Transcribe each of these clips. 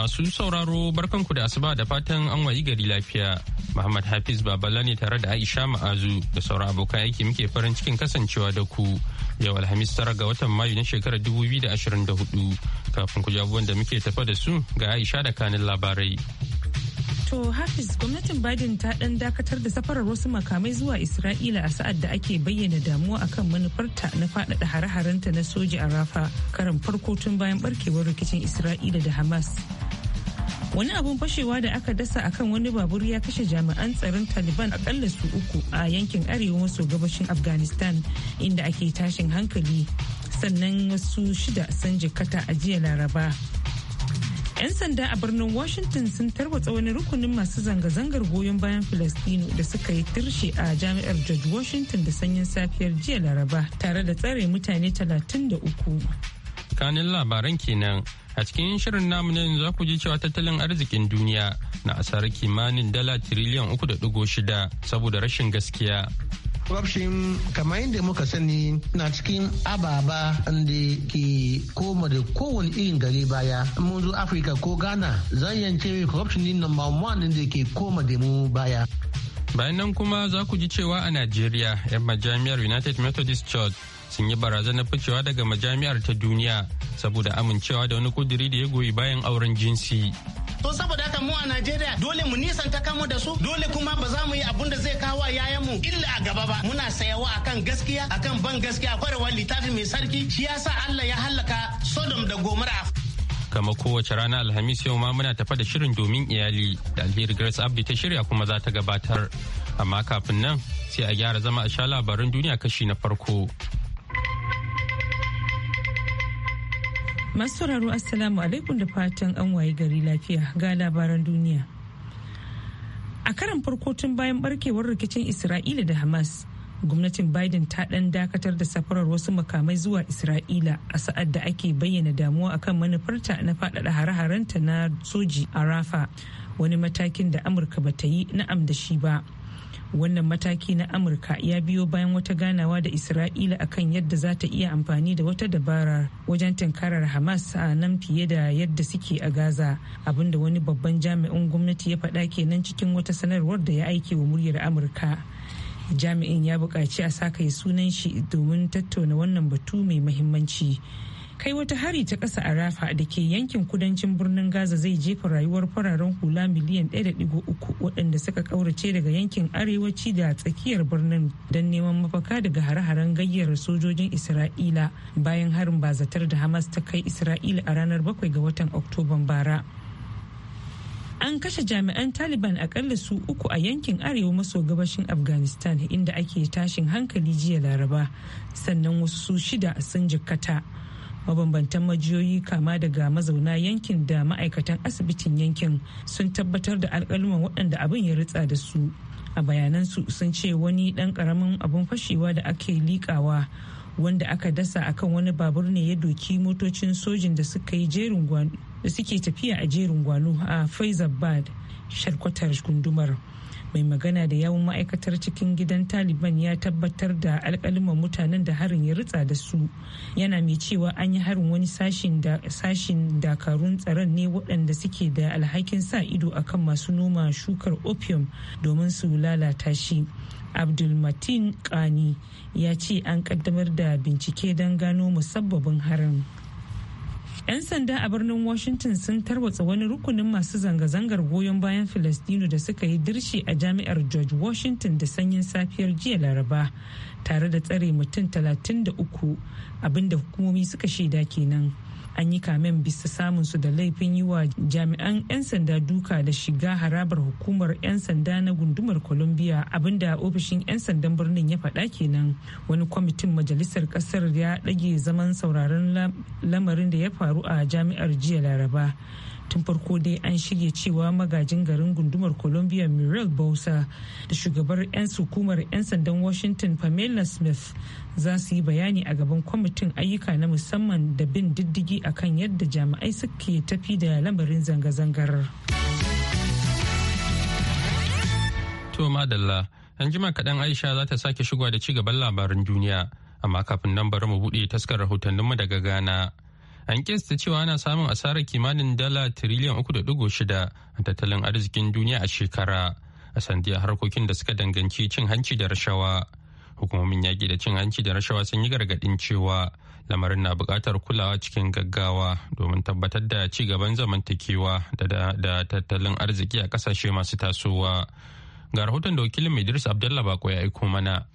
Masu sauraro barkanku da asuba da fatan an wayi gari lafiya. Muhammad Hafiz Babala ne tare da Aisha Ma'azu da sauran abokan aiki muke farin cikin kasancewa da ku. Yau Alhamis tara ga watan Mayu na shekarar 2024 kafin ku jabuwan da muke tafa da su ga Aisha da kanin labarai. To Hafiz gwamnatin Biden ta dan dakatar da safarar wasu makamai zuwa Isra'ila a sa'ad da ake bayyana damuwa akan manufarta na faɗaɗa hare-harenta na soja a Rafa karan farko tun bayan barkewar rikicin Isra'ila da Hamas. wani abun fashewa da aka dasa akan wani babur ya kashe jami'an tsaron taliban akalla su uku a yankin arewa maso gabashin afghanistan inda ake tashin hankali sannan wasu shida sun jikata a jiya laraba 'yan sanda a birnin washington sun tarwatsa wani rukunin masu zanga-zangar goyon bayan filistino da suka yi tirshe a jami'ar george washington da sanyin safiyar jiya laraba tare da tsare mutane 33 kanin labaran kenan A cikin shirin namu na za ku ji cewa tattalin arzikin duniya na asarar kimanin dala tiriliyan uku da shida saboda rashin gaskiya. corruption kamar yadda muka sani na cikin ababa da ke koma da kowane irin gari baya mun zo afirka ko ghana zan yance corruption din number one da ke koma da mu baya bayan nan kuma za ku ji cewa a najeriya 'yan majami'ar united methodist church sun yi barazanar ficewa daga majami'ar ta duniya saboda amincewa da wani kudiri da ya goyi bayan auren jinsi to saboda haka mu a Najeriya dole mu nisan ta kamu da su dole kuma ba za mu yi abun da zai kawo yayan mu illa a gaba ba muna sayawa akan gaskiya akan ban gaskiya kwarewar littafi mai sarki shi yasa Allah ya hallaka Sodom da Gomorrah Kama kowace rana Alhamis yau ma muna tafa da shirin domin iyali da alheri Grace Abdi ta shirya kuma za ta gabatar. Amma kafin nan sai a gyara zama a sha labaran duniya kashi na farko. Masu sauraro Assalamu alaikum da fatan an waye gari lafiya ga labaran duniya. A karan farko tun bayan barkewar rikicin Isra'ila da Hamas, gwamnatin biden ta ɗan dakatar da safarar wasu makamai zuwa isra'ila a sa'ad da ake bayyana damuwa akan manufarta na faɗaɗa hare-harenta na soji a rafa wani matakin da amurka bata yi na'am da shi ba wannan mataki na amurka ya biyo bayan wata ganawa da isra'ila akan yadda za ta iya amfani da wata dabara wajen tankarar hamas a nan fiye da yadda suke a gaza abinda wani babban jami'in gwamnati ya faɗa kenan cikin wata sanarwar da ya aike wa muryar amurka jami'in ya buƙaci a sa kai sunan shi domin tattauna wannan batu mai mahimmanci kai wata hari ta ƙasa a rafa da ke yankin kudancin birnin gaza zai jefa rayuwar fararen hula miliyan 1.3 waɗanda suka ƙaurace daga yankin arewaci da tsakiyar birnin don neman mafaka daga hare-haren gayyar sojojin isra'ila bayan harin bazatar da hamas ta kai isra'ila a ranar 7 ga watan oktoban bara an kashe jami'an taliban akalla su uku a yankin arewa maso gabashin afghanistan inda ake tashin hankali jiya laraba sannan wasu su shida sun jikkata mabambantan majiyoyi kama daga mazauna yankin da ma'aikatan asibitin yankin sun tabbatar da alkaluman waɗanda abin ya ritsa da su a bayanansu sun ce wani ɗan ƙaramin abin fashewa da ake liƙawa wanda aka dasa akan wani babur ne ya doki motocin sojin da suka yi jerin da suke tafiya a jerin gwano a faizabad sharkwatar gundumar mai magana da yawun ma'aikatar cikin gidan taliban ya tabbatar da alkalaman mutanen da harin ya ritsa da su yana mai cewa an yi harin wani sashin dakarun tsaron ne waɗanda suke da alhakin sa ido akan masu noma shukar opium domin su lalata shi abdulmatin kani ya ce an kaddamar da bincike don gano musabbabin harin 'Yan sanda a birnin Washington sun tarwatsa wani rukunin masu zanga-zangar goyon bayan Filistinu da suka yi dirshi a jami'ar George Washington da sanyin safiyar jiya Laraba tare da tsare mutum 33 abinda hukumomi suka shaida kenan. an yi kamen bisa samun su da laifin yi wa jami'an 'yan sanda duka da shiga harabar hukumar 'yan sanda na gundumar columbia abinda ofishin 'yan sandan birnin ya faɗa kenan wani kwamitin majalisar ƙasar ya ɗage zaman sauraron lamarin da ya faru a jami'ar jiya laraba tun farko dai an shirya cewa magajin garin gundumar columbia muriel bowser da shugabar 'yan hukumar 'yan sandan washington pamela smith za su yi bayani a gaban kwamitin ayyuka na musamman da bin diddigi akan yadda jami'ai suke tafi da lamarin zanga-zangar to madalla jima kaɗan aisha za ta sake shigowa da ci gaban labaran duniya amma kafin nan bari mu buɗe taskar rahotanninmu daga ghana an kesta cewa ana samun asarar kimanin dala tiriliyan uku da shida a tattalin arzikin duniya a shekara a sandiya harkokin da suka danganci cin hanci da rashawa hukumomin yaƙi da cin hanci da rashawa sun yi gargaɗin cewa lamarin na buƙatar kulawa cikin gaggawa domin tabbatar da ci gaban zamantakewa da tattalin arziki a ƙasashe masu tasowa ga rahoton da wakilin idris abdullah bako ya aiko mana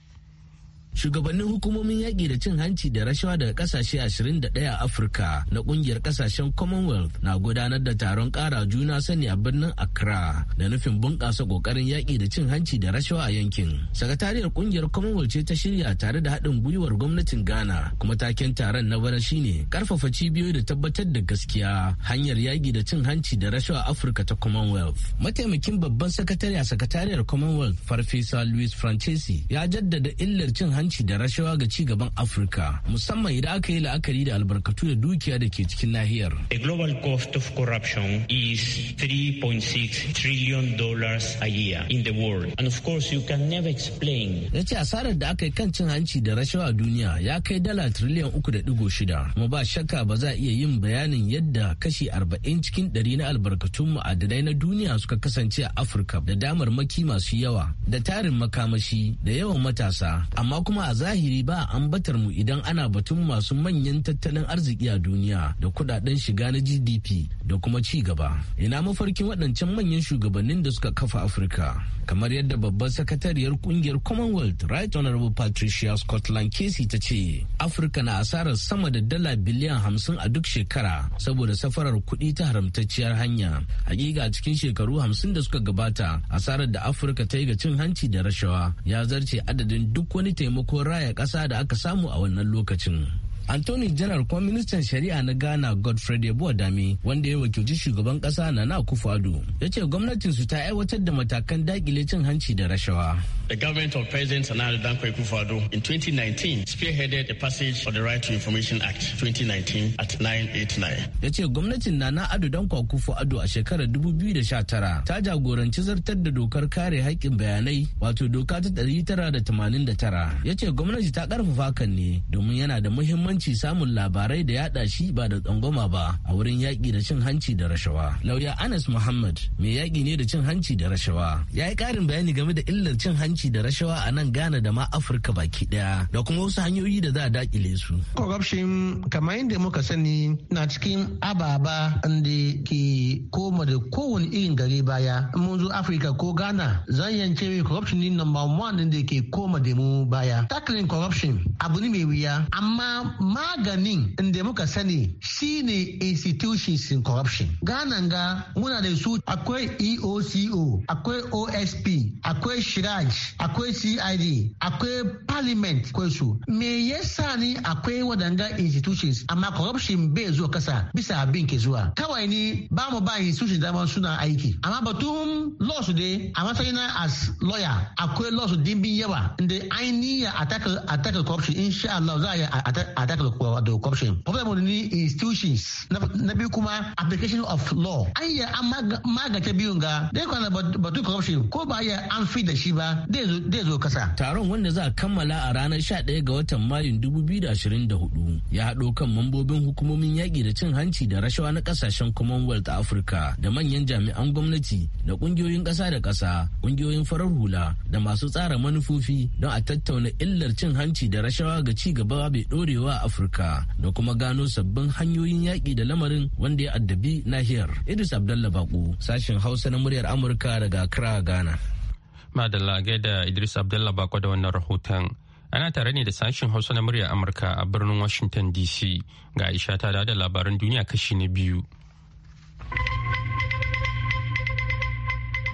shugabannin hukumomin yaƙi da cin hanci da rashawa daga kasashe 21 a afirka na ƙungiyar kasashen commonwealth na gudanar da taron ƙara juna sani a birnin accra da nufin bunƙasa ƙoƙarin yaƙi da cin hanci da rashawa a yankin sakatariyar ƙungiyar commonwealth ce ta shirya tare da haɗin gwiwar gwamnatin ghana kuma taken taron na bana shine ƙarfafa cibiyoyi da tabbatar da gaskiya hanyar yaƙi da cin hanci da rashawa a afirka ta commonwealth mataimakin babban sakatare a sakatariyar commonwealth farfesa louis francesi ya jaddada illar cin hanci hanci da rashawa ga ci gaban Afirka musamman idan aka yi la'akari da albarkatu da dukiya da ke cikin nahiyar. The global cost of corruption is 3.6 trillion dollars a year in the world and of course you can never explain. Ya ce asarar da aka yi kan cin hanci da rashawa a duniya ya kai dala triliyan uku da digo shida kuma ba shakka ba za a iya yin bayanin yadda kashi arba'in cikin ɗari na albarkatun ma'adanai na duniya suka kasance a Afirka da damar maki masu yawa da tarin makamashi da yawan matasa amma kuma kuma a zahiri ba a ambatar mu idan ana batun masu manyan tattalin arziki a duniya da kudaden shiga na GDP da kuma ci gaba. Ina mafarkin waɗancan manyan shugabannin da suka kafa Afirka. Kamar yadda babbar sakatariyar kungiyar Commonwealth Right Honorable Patricia Scotland Casey ta ce, Afirka na asarar sama da dala biliyan hamsin a duk shekara saboda safarar kuɗi ta haramtacciyar hanya. Hakika cikin shekaru hamsin da suka gabata, asarar da Afirka ta yi ga cin hanci da rashawa ya zarce adadin duk wani taimako sakamakon raya ƙasa da aka samu a wannan lokacin. Anthony General kuma ministan shari'a na Ghana Godfrey Debo Dami wanda ya wakilci shugaban kasa Nana Akufo-Addo ya ce gwamnatin su ta aiwatar da matakan dakile cin hanci da rashawa. The government of President Nana Dankwa Akufo-Addo in 2019 spearheaded the passage of the Right to Information Act 2019 at 989. Ya ce gwamnatin Nana Ado Dankwa Akufo-Addo a shekarar 2019 ta jagoranci zartar da dokar kare haƙƙin bayanai wato doka ta 989 ya ce gwamnati ta ƙarfafa kan ne domin yana da muhimmanci muhimmanci samun labarai da yada shi ba da tsangwama ba a wurin yaƙi da cin hanci da rashawa. Lauya Anas Muhammad mai yaƙi ne da cin hanci da rashawa ya yi ƙarin bayani game da illar cin hanci da rashawa a nan Ghana da ma Afirka baki ɗaya da kuma wasu hanyoyi da za a daƙile su. Corruption kamar yadda muka sani na cikin ababa da ke koma da kowane irin gari baya. Mun zo Afirka ko Ghana zan yance corruption ne number one da ke koma da mu baya. Tackling corruption abu ne mai wuya amma maganin inda muka sani shine institutions in corruption ganan ga muna da su akwai eoco akwai osp akwai shiraj akwai cid akwai parliament akwai su me yasa ne akwai wadanga institutions amma corruption bai zuwa kasa bisa abin ke zuwa kawai ne ba mu ba institutions dama suna aiki amma batun law su dai a matsayina as lawyer akwai law su dimbin yawa inda ainihin a attack corruption insha Allah za a yi attack. tackle da corruption problem ne institutions na biyu kuma application of law an yi an magance biyun ga dai kwana batun corruption ko ba ya an fi da shi ba dai zo kasa taron wanda za a kammala a ranar 11 ga watan mayun 2024 ya haɗo kan mambobin hukumomin yaƙi da cin hanci da rashawa na ƙasashen commonwealth afirka da manyan jami'an gwamnati da ƙungiyoyin ƙasa da ƙasa ƙungiyoyin farar hula da masu tsara manufofi don a tattauna illar cin hanci da rashawa ga ci gaba bai ɗorewa Afirka da kuma gano sabbin hanyoyin yaƙi da lamarin wanda ya addabi nahiyar. Idris Abdallah Bako, sashen Hausa na muryar Amurka daga Accra, Ghana. Madalla da Idris Abdallah Bako da wannan rahoton. Ana tare ne da sashen Hausa na muryar Amurka a birnin Washington DC ga Aisha ta da labaran duniya kashi na biyu.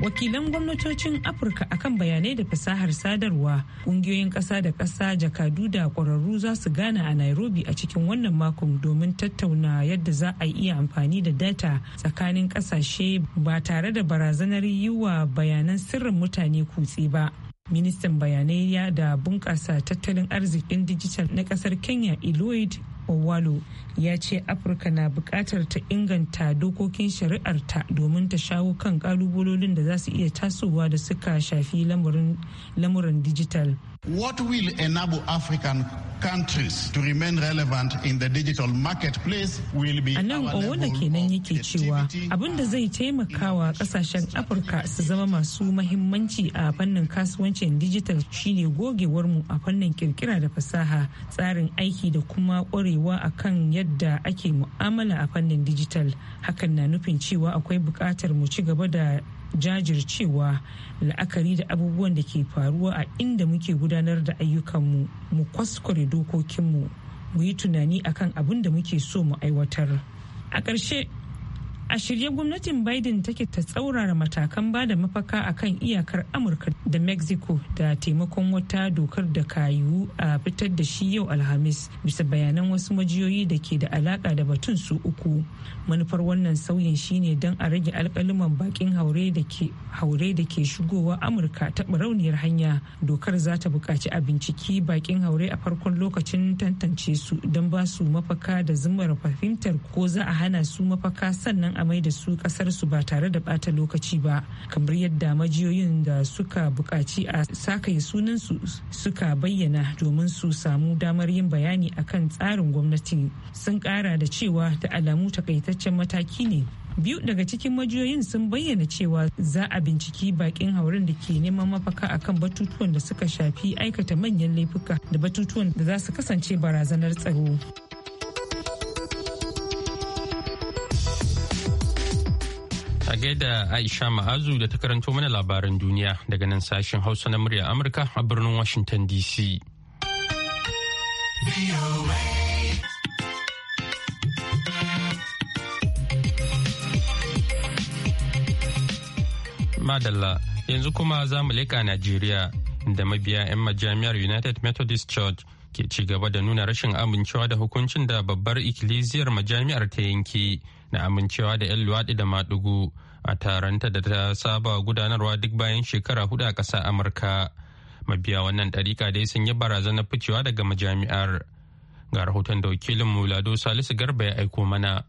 wakilan gwamnatocin afirka akan bayanai da fasahar sadarwa ƙungiyoyin ƙasa da ƙasa jakadu da ƙwararru za su gana a nairobi a cikin wannan makon domin tattauna yadda za a iya amfani da data tsakanin ƙasashe ba tare da barazanar yi wa bayanan sirrin mutane kutse ba ministan bayanai ya da bunƙasa tattalin arzikin dijital na ƙasar kenya eloid Owalo ya ce Afirka na bukatar ta inganta dokokin shari'arta domin ta shawo kan kalubalolin da za su iya tasowa da suka shafi lamuran digital. What will enable African countries to remain relevant in the digital marketplace will be A nan Owala kenan yake cewa abin da zai taimakawa kasashen Afirka su zama masu mahimmanci a fannin kasuwancin digital shine gogewar mu a fannin kirkira da fasaha tsarin aiki da kuma kwarewa a akan yadda ake mu'amala a fannin dijital hakan na nufin cewa akwai buƙatar mu ci gaba da jajircewa la'akari da abubuwan da ke faruwa a inda muke gudanar da ayyukanmu mu kwaskware dokokinmu mu yi tunani akan abin da muke so mu aiwatar a ƙarshe a shirye gwamnatin biden take ta tsaurara matakan ba da mafaka a kan iyakar amurka da mexico da taimakon wata dokar da ka yiwu a fitar da shi yau alhamis bisa bayanan wasu majiyoyi da ke da alaka da batun su uku manufar wannan sauyin shine don a rage alkaliman bakin haure da ke shigowa amurka ta barauniyar hanya dokar za ta buƙaci a binciki bakin haure a farkon lokacin tantance su don ba su mafaka da zumar fahimtar ko za a hana su mafaka sannan a da su kasarsu ba tare da bata lokaci ba kamar yadda majiyoyin da suka buƙaci a sakaye sunansu suka bayyana domin su samu damar yin bayani akan tsarin gwamnati sun kara da cewa da alamu takaitaccen mataki ne biyu daga cikin majiyoyin sun bayyana cewa za a binciki bakin hauren da ke neman mafaka akan batutuwan da suka shafi aikata manyan laifuka da batutuwan da za su kasance barazanar tsaro A gaida Aisha Ma'azu da ta karanto mana labaran duniya daga nan sashen Hausa na murya Amurka a birnin Washington DC. Madalla yanzu kuma za mu leƙa Najeriya da mabiya 'yan majami'ar United Methodist Church ke ci gaba da nuna rashin amincewa da hukuncin da babbar ikkilisiyar majami'ar ta yanke na amincewa da 'yan luwaɗi da maɗugu a taronta da ta saba gudanarwa duk bayan shekara hudu a ƙasa amurka mabiya wannan ɗarika dai sun yi barazanar ficewa daga majami'ar ga rahoton da wakilin mulado salisu garba ya aiko mana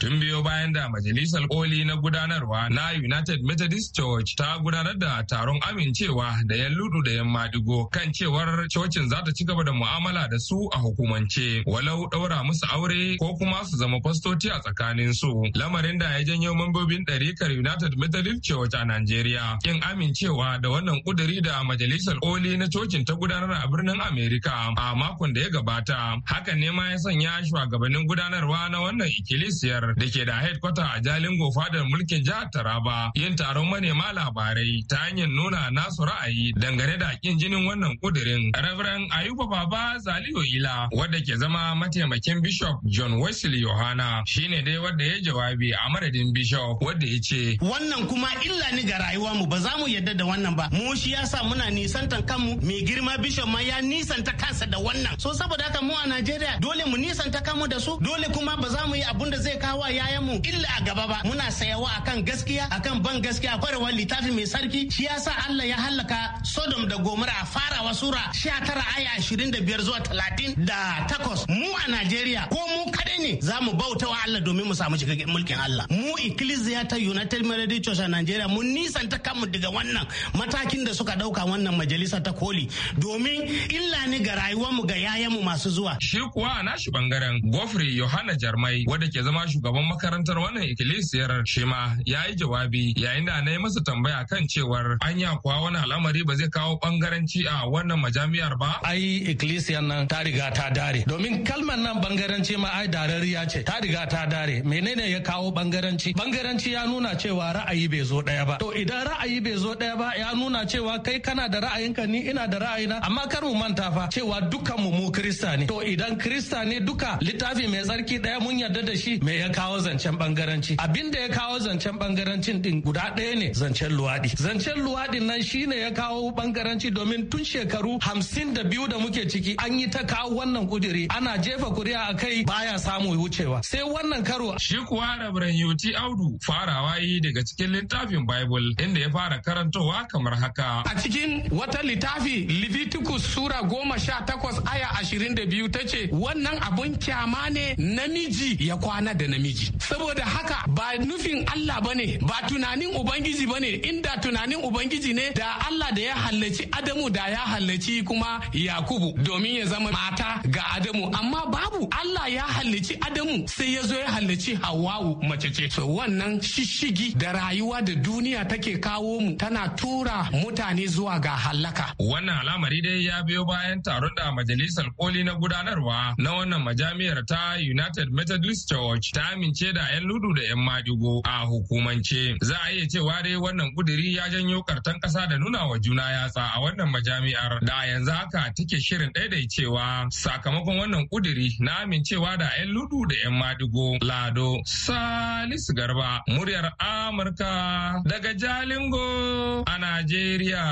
tun biyo bayan da majalisar koli na gudanarwa na united methodist church ta gudanar da taron amincewa da yan ludu da yan madigo kan cewar cocin za ta ci gaba da mu'amala da su a hukumance walau ɗaura musu aure ko kuma su zama fastoci a tsakanin su lamarin da ya janyo mambobin ɗarikar united methodist church a Najeriya, yin amincewa da wannan kuduri da majalisar koli na cocin ta gudanar a birnin Amerika, a makon da ya gabata hakan ne ma ya sanya shugabannin gudanarwa na wannan ikilisiyar da ke da headquarter a Jalingo fadar mulkin jihar Taraba yin taron manema labarai ta hanyar nuna nasu ra'ayi dangane da kin jinin wannan kudirin. Reverend Ayuba Baba Zaliyo Ila wadda ke zama mataimakin Bishop John Wesley Yohana shine dai wadda ya jawabi a madadin Bishop wadda ya ce wannan kuma illa ni ga rayuwa mu ba za mu yadda da wannan ba mu shi yasa muna nisantan kanmu mai girma Bishop ma ya nisanta kansa da wannan so saboda haka mu a Najeriya dole mu nisanta kanmu da su dole kuma ba za mu yi abun da zai kawo wa yayanmu illa a gaba ba muna sayawa akan gaskiya akan ban gaskiya kwarewar littafi mai sarki shi yasa Allah ya hallaka Sodom da Gomorrah a farawa sura 19 aya 25 zuwa 30 da takwas mu a Najeriya ko mu kadai ne za mu bauta wa Allah domin mu samu cikakken mulkin Allah mu ikkilisiya ta United Methodist Church a Najeriya mun ta kanmu daga wannan matakin da suka dauka wannan majalisa ta koli domin illa ne ga rayuwarmu ga yayanmu masu zuwa shi kuwa a nashi bangaren Godfrey Yohana Jarmai wanda ke zama shugaban shugaban makarantar wannan ikkilisiyar shima ma ya yi jawabi yayin da na yi masa tambaya kan cewar anya kuwa wani al'amari ba zai kawo bangaranci a wannan majami'ar ba. Ai ikkilisiyar nan ta riga ta dare domin kalmar nan bangaranci ma ai darariya ce ta riga ta dare menene ya kawo bangaranci bangaranci ya nuna cewa ra'ayi bai zo ɗaya ba to idan ra'ayi bai zo daya ba ya nuna cewa kai kana da ra'ayinka ni ina da ra'ayina amma kar mu manta fa cewa dukkanmu mu kirista ne to idan kirista ne duka littafi mai tsarki ɗaya mun yarda da shi me ya kawo zancen bangaranci abin da ya kawo zancen bangarancin din guda ɗaya ne zancen luwaɗi zancen luwaɗin nan shine ya kawo bangaranci domin tun shekaru hamsin da biyu da muke ciki an yi ta kawo wannan kudiri ana jefa kuri'a a kai baya samu wucewa sai wannan karo shi kuwa rabaran yoti audu farawa yi daga cikin littafin bible inda ya fara karantowa kamar haka a cikin wata littafi leviticus sura goma sha takwas aya ashirin da biyu ta ce wannan abun kyama ne namiji ya kwana da namiji namiji saboda haka ba nufin Allah bane ba tunanin ubangiji bane inda tunanin ubangiji ne da Allah da ya hallaci Adamu da ya hallaci kuma Yakubu domin ya zama mata ga Adamu amma babu Allah ya hallaci Adamu sai ya zo ya hallaci Hawwa'u mace ce so wannan shishigi da rayuwa da duniya take kawo mu tana tura mutane zuwa ga hallaka wannan al'amari dai ya biyo bayan taron da majalisar koli na gudanarwa na wannan majami'ar ta United Methodist Church ta amince da 'yan ludu da 'yan madigo a hukumance. Za a iya cewa dai wannan kuduri ya janyo kartan kasa da nuna wa juna yatsa a wannan majami'ar da yanzu haka take shirin daidaicewa sakamakon wannan kuduri na amincewa da 'yan ludu da 'yan madigo lado salisu garba muryar amurka daga jalingo a najeriya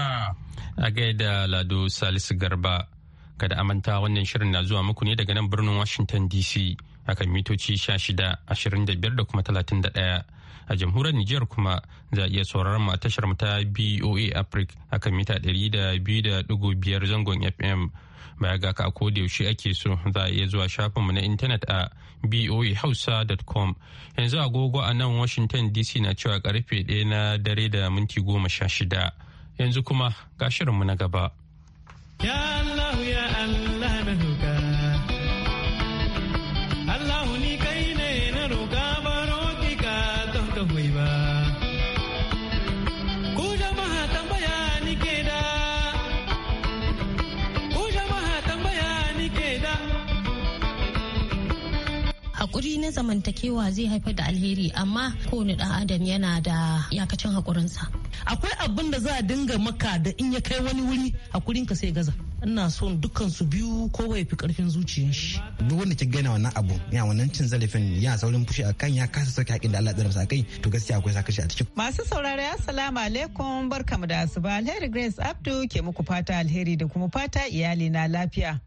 a gaida lado salisu garba kada amanta wannan shirin na zuwa muku ne daga nan birnin washington dc kan mitoci 16 da kuma 31 a jamhuriyar Nijar kuma za a iya sauraron mu a tashar mu ta BOA Africa kan mita 200.5 zangon FM baya ga ka ko da yaushe ake so za a iya zuwa shafin mu na intanet a boahausa.com yanzu agogo a nan Washington DC na cewa karfe 1 na dare da minti 16 yanzu kuma ga shirinmu na gaba ya Allah ya Allah hakuri na zamantakewa zai haifar da alheri amma kowane dan adam yana da yakacin hakurinsa akwai abin da za a dinga maka da in ya kai wani wuri ka sai gaza ina son dukkan su biyu kowa ya fi karfin zuciyar shi duk wanda ki gana wannan abu ya wannan cin zarafin ya saurin fushi a kan ya kasa sauke haƙin da Allah ya sa kai to gaskiya akwai shi a cikin masu saurare assalamu alaikum barkamu da asuba alheri grace abdu ke muku fata alheri da kuma fata iyali na lafiya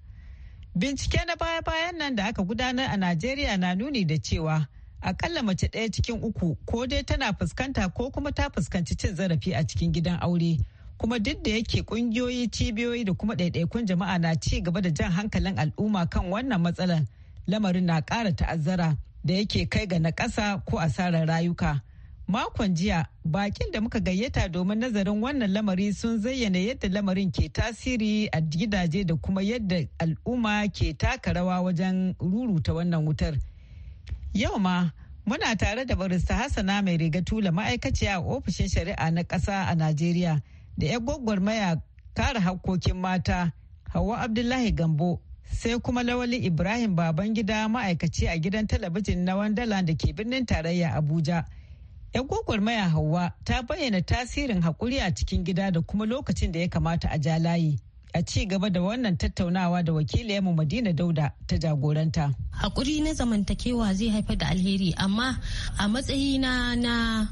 Bincike na baya-bayan nan da aka gudanar a Najeriya na nuni da cewa akalla mace ɗaya cikin uku ko dai tana fuskanta ko kuma ta fuskanci cin zarafi a cikin gidan aure. Kuma duk da yake ƙungiyoyi, cibiyoyi da kuma ɗaiɗaikun jama'a na ci gaba da jan hankalin al'umma kan wannan matsalar lamarin na ƙara ta'azzara da yake kai ga naƙasa ko asarar rayuka. Makon jiya bakin da muka gayyata domin nazarin wannan lamari sun zayyana yadda lamarin ke tasiri a gidaje da kuma yadda al'umma ke taka rawa wajen ruruta wannan wutar. Yau ma muna tare da barista Hassana mai riga tula ma'aikaciya a ofishin shari'a na ƙasa a Najeriya da 'yan gwagwarmaya kare hakkokin mata Hauwa Abdullahi Gambo sai kuma lawali ibrahim babangida ma'aikaci a gidan talabijin na wandala da ke birnin tarayya abuja 'Yan maya Hauwa ta bayyana tasirin haƙuri a cikin gida da kuma lokacin da ya kamata a ja layi. A ci gaba da wannan tattaunawa da wakiliyarmu Madina Dauda ta jagoranta. Haƙuri na zamantakewa zai haifar da alheri amma a matsayina na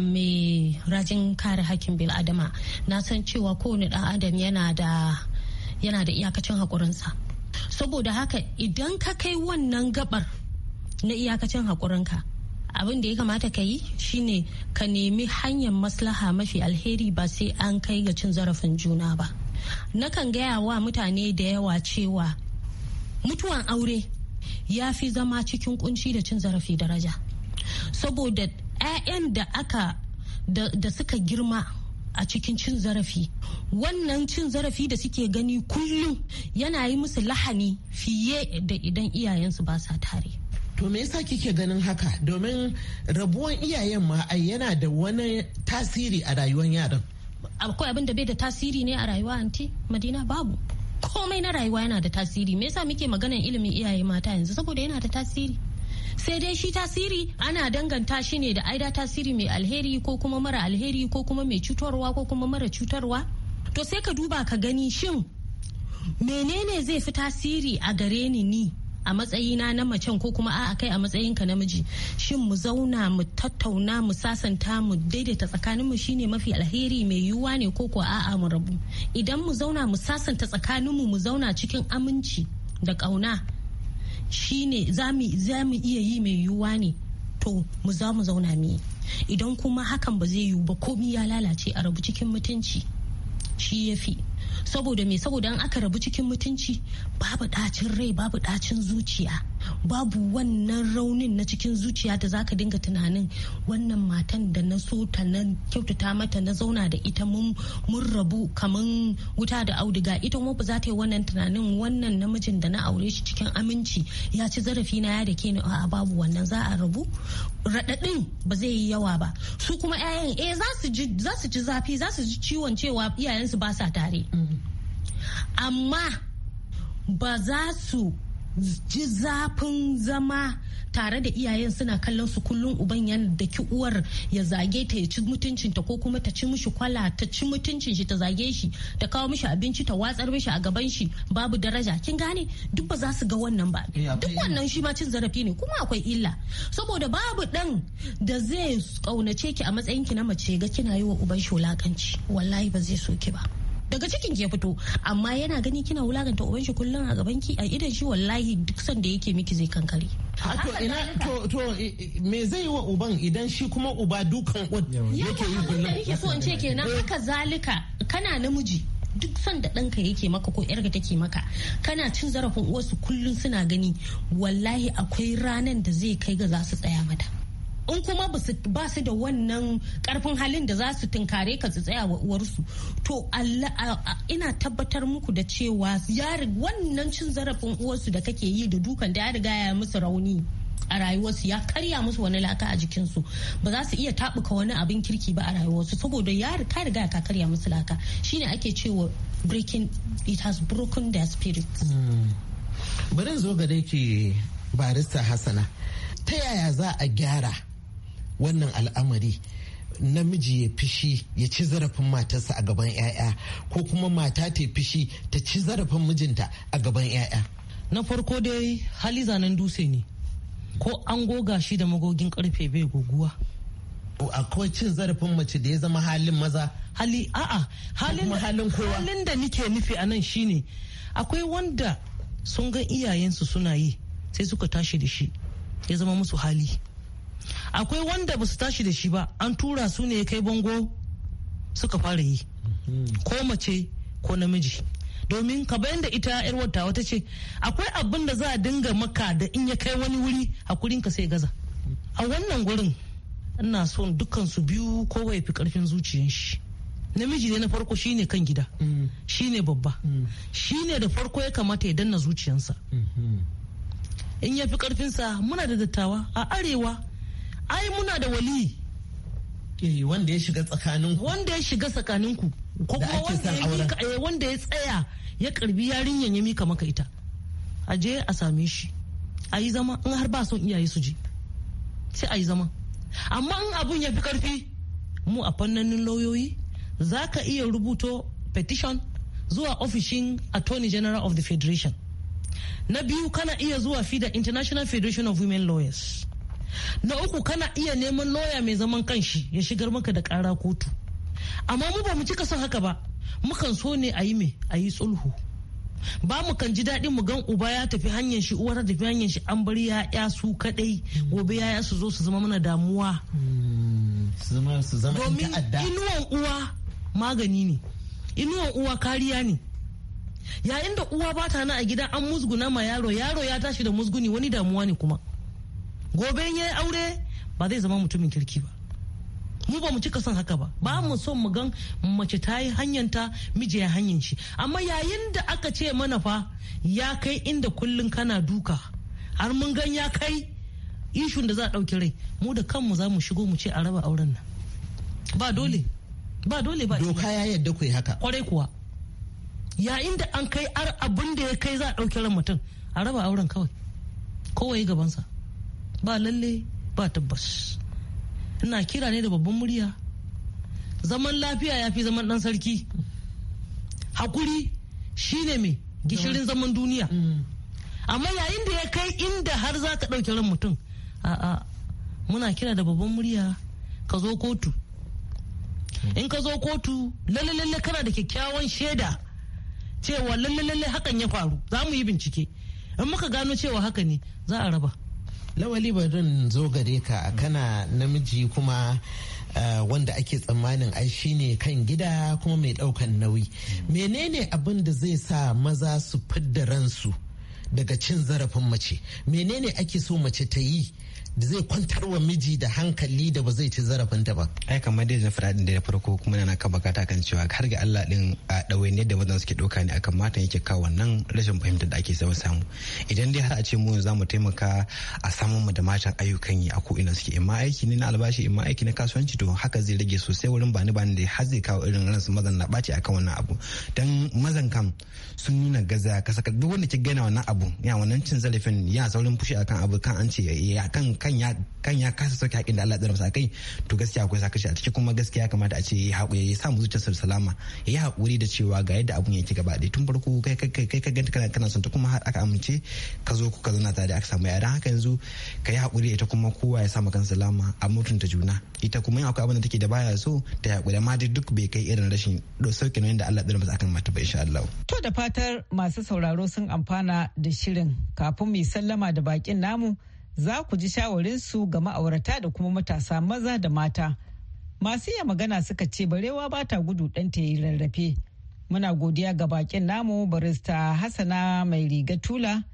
mai rajin kare hakkin bil'adama na san cewa kowane ɗan adam yana da iyakacin haƙurinsa saboda haka idan ka kai wannan gabar na iyakacin haƙurinka abin da ya kamata ka yi shine ka nemi hanyar maslaha mafi alheri ba sai an kai ga cin zarafin juna ba nakan gaya wa mutane da yawa cewa mutuwan aure ya fi zama cikin kunci da cin zarafi daraja saboda 'ya'yan da aka da suka girma a cikin cin zarafi wannan cin zarafi da suke gani kullum yana yi musu lahani fiye da idan iyayensu ba sa tare to me yasa kike ganin haka domin rabuwan iyayen ma ai yana da wani tasiri a rayuwar yaran akwai abin da bai da tasiri ne a rayuwa anti madina babu komai na rayuwa yana da tasiri me yasa muke maganan ilimin iyaye mata yanzu saboda yana da tasiri sai dai shi tasiri ana danganta shi ne da aida tasiri mai alheri ko kuma mara alheri ko kuma mai cutarwa ko kuma mara cutarwa to sai ka duba ka gani shin menene zai fi tasiri a gare ni ni a matsayina na macen ko kuma a'a kai a matsayinka namiji shin mu zauna mu tattauna mu sasanta mu daidaita tsakanin mu shine mafi alheri mai yiwuwa ne ko ko a'a mu rabu idan mu zauna mu sasanta tsakanin mu mu zauna cikin aminci da kauna shine za mu iya yi mai yiwuwa ne to mu za mu zauna mu yi idan kuma hakan ba zai yiwu ba komi ya lalace a rabu cikin mutunci shi yafi fi saboda me saboda an aka rabu cikin mutunci babu ɗacin rai babu ɗacin zuciya babu wannan raunin na cikin zuciya da zaka dinga tunanin wannan matan da na so ta na kyautata mata na zauna da ita mun rabu kaman wuta da auduga ita kuma ba za ta yi wannan tunanin wannan namijin da na aure shi cikin aminci ya ci zarafi na ya da ke a babu wannan za a rabu raɗaɗin ba zai yi yawa ba su kuma 'ya'yan eh za su ji zafi za su ji ciwon cewa iyayensu ba sa tare mm. amma ba za su ji zafin zama tare da iyayen suna kallon su kullum uban yana da ki uwar ya zage ta ya ci mutuncin ta ko kuma ta ci mishi kwala ta ci mutuncin shi ta zage shi ta kawo mishi abinci ta watsar mishi a gaban shi babu daraja kin gane duk ba za su ga wannan ba eh, duk wannan shi ma cin zarafi ne kuma akwai illa saboda babu dan da zai kaunace ki a matsayin ki na mace ga kina yi wa uban shi wulakanci wallahi ba zai so ki ba daga cikin ke fito amma yana gani kina wulakanta uban shi kullum a gaban ki a idan shi wallahi duk sanda yake miki zai kankare to ina to to me zai wa uban idan shi kuma uba dukan yake yi kullum yake so in ce kenan eh. haka zalika kana namiji duk sanda ɗanka yake maka ko yarka take maka kana cin zarafin uwarsu kullum suna gani wallahi akwai ranan da zai kai ga za su tsaya mata in kuma ba su da wannan karfin halin da za su tunkare ka su tsaya wa uwarsu to ina tabbatar muku da cewa wannan cin zarafin uwarsu da kake yi da dukan da ya riga ya musu rauni a rayuwarsu ya karya musu wani laka a jikinsu ba za su iya tabuka wani abin kirki ba a rayuwarsu saboda ya ka riga ka karya musu laka shine ake cewa breaking it has broken their spirit hmm. bari zo ga dai ki barista hasana ta yaya za a gyara wannan al'amari namiji ya fishi ya ci zarafin matarsa a gaban 'ya'ya ko kuma mata ta fishi ta ci zarafin mijinta a gaban 'ya'ya na farko dai hali zanen dutse ne ko an goga shi da magogin karfe bai goguwa akwai cin zarafin mace da ya zama halin maza hali a'a halin halin da nike nufi a nan shine akwai wanda sun ga iyayensu suna yi sai suka tashi da shi ya zama musu hali akwai wanda ba su tashi da shi ba an tura su ne ya kai bango suka fara yi ko mace ko namiji domin ka bayan da ita yar wata wata ce akwai abin da za a dinga maka da in ya kai wani wuri hakurin ka sai gaza a wannan gurin ina son dukkan su biyu ko ya fi karfin zuciyan shi namiji ne na farko shine kan gida shine babba shine da farko ya kamata ya danna zuciyarsa. Mm-hmm. in ya fi karfinsa muna da dattawa a arewa ai muna da wali wanda ya shiga tsakanin wanda ya shiga tsakanin ku ko kuma wanda ya mika eh, wanda ya tsaya ya karbi yarinyar ya mika maka ita a je a same shi a yi zama in har ba son iyaye su je sai a yi zama amma in abun ya fi karfi mu a fannanin lauyoyi za ka iya rubuto petition zuwa ofishin attorney general of the federation na biyu kana iya zuwa fida international federation of women lawyers na uku kana iya neman loya mai zaman kanshi ya shigar maka da kara kotu amma mu ba mu cika son haka ba mukan so ne a yi me a yi sulhu ba mu kan ji daɗin mu gan uba ya tafi hanyar shi uwar tafi hanyar shi an bar ya su kadai gobe ya su zo su zama mana damuwa domin inuwan uwa magani ne inuwan uwa kariya ne yayin da uwa ba ta na a gida an musguna ma yaro yaro ya tashi da musguni wani damuwa ne kuma gobe ya yi aure ba zai zama mutumin kirki ba mu ba mu cika son haka ba ba mu son mu gan mace ta yi hanyanta miji ya hanyar shi amma yayin da aka ce mana fa ya kai inda kullun kana duka har mun gan ya kai ishun da za a ɗauki rai mu da kanmu za mu shigo mu ce a raba auren nan ba dole ba dole ba doka ya yadda ku yi haka kwarai kuwa yayin da an kai ar abin da ya kai za a ɗauki ran mutum a raba auren kawai kowai gabansa ba lalle ba tabbas ina kira ne da babban murya zaman lafiya ya fi zaman dan sarki hakuri shine mai gishirin zaman duniya mm. amma yayin da ya kai inda har za ka ɗauki ran mutum a'a muna kira da babban murya ka zo kotu mm. in ka zo kotu lalle kana da kyakkyawan shaida cewa lalle hakan ya faru za mu yi bincike in muka gano cewa haka ne za a raba lawali barin zo gare ka kana namiji kuma eh, wanda ake tsammanin ai ne kan gida kuma mai daukan nauyi menene abin da zai sa maza su fidda ransu daga cin zarafin mace menene ake so mace ta yi da zai kwantar wa miji da hankali da ba zai ci ta ba. Ai kamar dai zafi din da farko kuma na ka bakata kan cewa har ga Allah din a ne da mazan suke ɗauka ne akan matan yake kawo wannan rashin fahimtar da ake samu samu. Idan dai har a ce mu za mu taimaka a samun mu da matan ayyukan yi a ko ina suke ma aiki ne na albashi in ma aiki na kasuwanci to haka zai rage sosai wurin bani bani da har zai kawo irin ransu mazan na ɓaci kan wannan abu. Dan mazan kam sun nuna gaza kasa duk wanda ke gana wannan abu ya wannan cin zarafin ya saurin fushi akan abu kan an ce ya kan kan ya kasa sauke haƙin da Allah ya masa kai to gaskiya akwai sakaci a ciki kuma gaskiya kamata a ce ya haƙuri ya samu zuciyarsa salama ya yi haƙuri da cewa ga yadda abun yake gaba ɗaya tun farko kai kai ka ganta kana kana son ta kuma har aka amince ka zo ka zauna tare aka samu yaran haka yanzu ka yi haƙuri ita kuma kowa ya samu kansa salama a mutunta juna ita kuma yin akwai abin da take da baya so ta yi haƙuri amma dai duk bai kai irin rashin sauke nauyin da Allah ya masa akan mata ba insha Allah. To da fatar masu sauraro sun amfana da shirin kafin mu sallama da bakin namu za ku ji shawarinsu ga ma'aurata da kuma matasa maza da mata. Masu iya magana suka ce barewa ba ta gudu ta yi rarrafe. Muna godiya ga bakin namu barista Hassana mai riga tula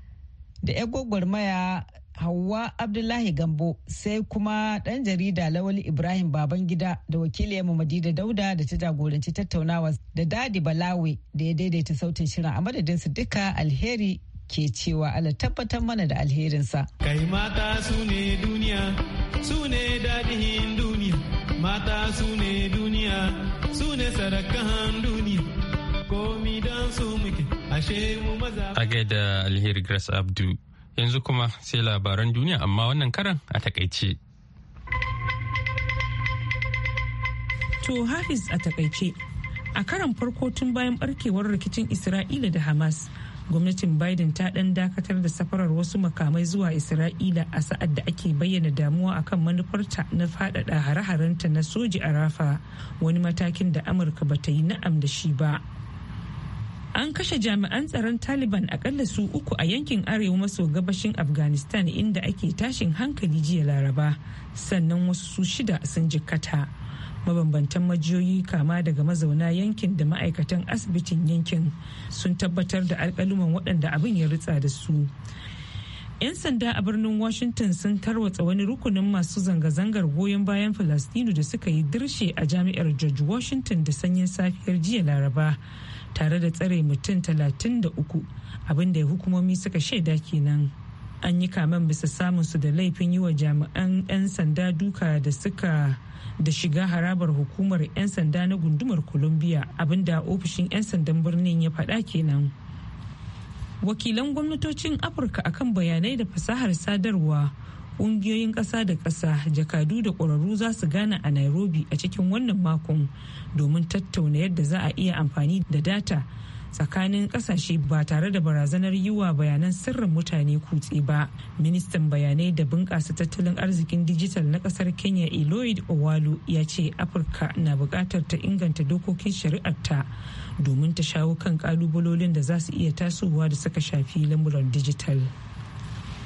da ya gwagwarmaya Hauwa Abdullahi Gambo sai kuma ɗan jarida Lawali Ibrahim Babangida da wakiliyarmu Madida Dauda da ta jagoranci tattaunawa da Dadi Balawe da ya daidaita sautin shirin a madadinsu duka alheri ke cewa ala tabbatar mana da alherinsa. Kai mata su ne duniya, su ne daɗin duniya, mata su ne duniya, su ne sarakan duniya, komi don su muke, ashe mu maza. A gaida alheri Grace Abdu, yanzu kuma sai labaran duniya amma wannan karan a takaice. To Hafiz a takaice, a karan farko tun bayan barkewar rikicin Isra'ila da Hamas. gwamnatin biden ta ɗan dakatar da safarar wasu makamai zuwa isra'ila a sa'ad da ake bayyana damuwa akan manufarta na faɗaɗa hare-harenta na soji a rafa wani matakin da amurka ba ta yi na'am da shi ba an kashe jami'an tsaron taliban akalla su uku a yankin arewa maso gabashin afghanistan inda ake tashin hankali jiya laraba sannan wasu su shida sun jikkata mabambantan majiyoyi kama daga mazauna yankin da ma'aikatan asibitin yankin sun tabbatar da alkaluman waɗanda abin ya ritsa da su 'yan sanda a birnin washington sun tarwatsa wani rukunin masu zanga-zangar goyon bayan falastinu da suka yi dirshe a jami'ar george washington da sanyin safiyar jiya laraba tare da tsare mutum 33 abinda ya hukumomi suka shaida kenan an yi kamen bisa samunsu da laifin yi wa jami'an 'yan sanda duka da suka da shiga harabar hukumar 'yan sanda na gundumar columbia abinda ofishin 'yan sandan birnin ya faɗa kenan wakilan gwamnatocin afirka akan bayanai da fasahar sadarwa ƙungiyoyin ƙasa da ƙasa jakadu da ƙwararru za su gana a nairobi a cikin wannan makon domin tattauna yadda za a iya amfani da data tsakanin kasashe ba tare da barazanar yiwa bayanan sirrin mutane kutse ba ministan bayanai da bunƙasa tattalin arzikin dijital na ƙasar kenya eloid owalu ya ce afirka na buƙatar ta inganta dokokin shari'arta domin ta shawo kan ƙalubalolin da za su iya tasowa da suka shafi lamuran dijital.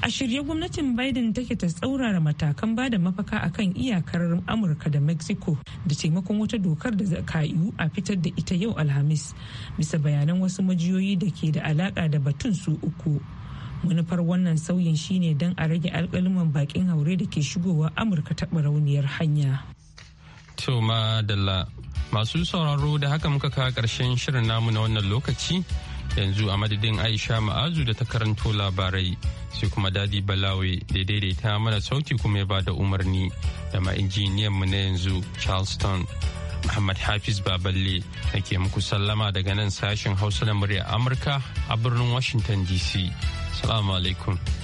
a shirye gwamnatin biden take ta tsaurara matakan bada da mafaka akan iyakar amurka da mexico da taimakon wata dokar da ka yiwu a fitar da ita yau alhamis bisa bayanan wasu majiyoyi da ke da alaka da batun su uku manufar wannan sauyin shine don a rage alkaliman bakin haure da ke shigowa amurka ta barauniyar hanya to masu sauraro da haka muka kawo karshen shirin namu na wannan lokaci yanzu a madadin aisha ma'azu da ta karanto labarai sai kuma dadi balawe da daidaita mana sauti kuma ya bada umarni da ma injiniyan mu na yanzu charleston muhammad hafiz baballe da ke muku sallama daga nan sashen hausa na murya amurka a birnin washington dc salamu alaikum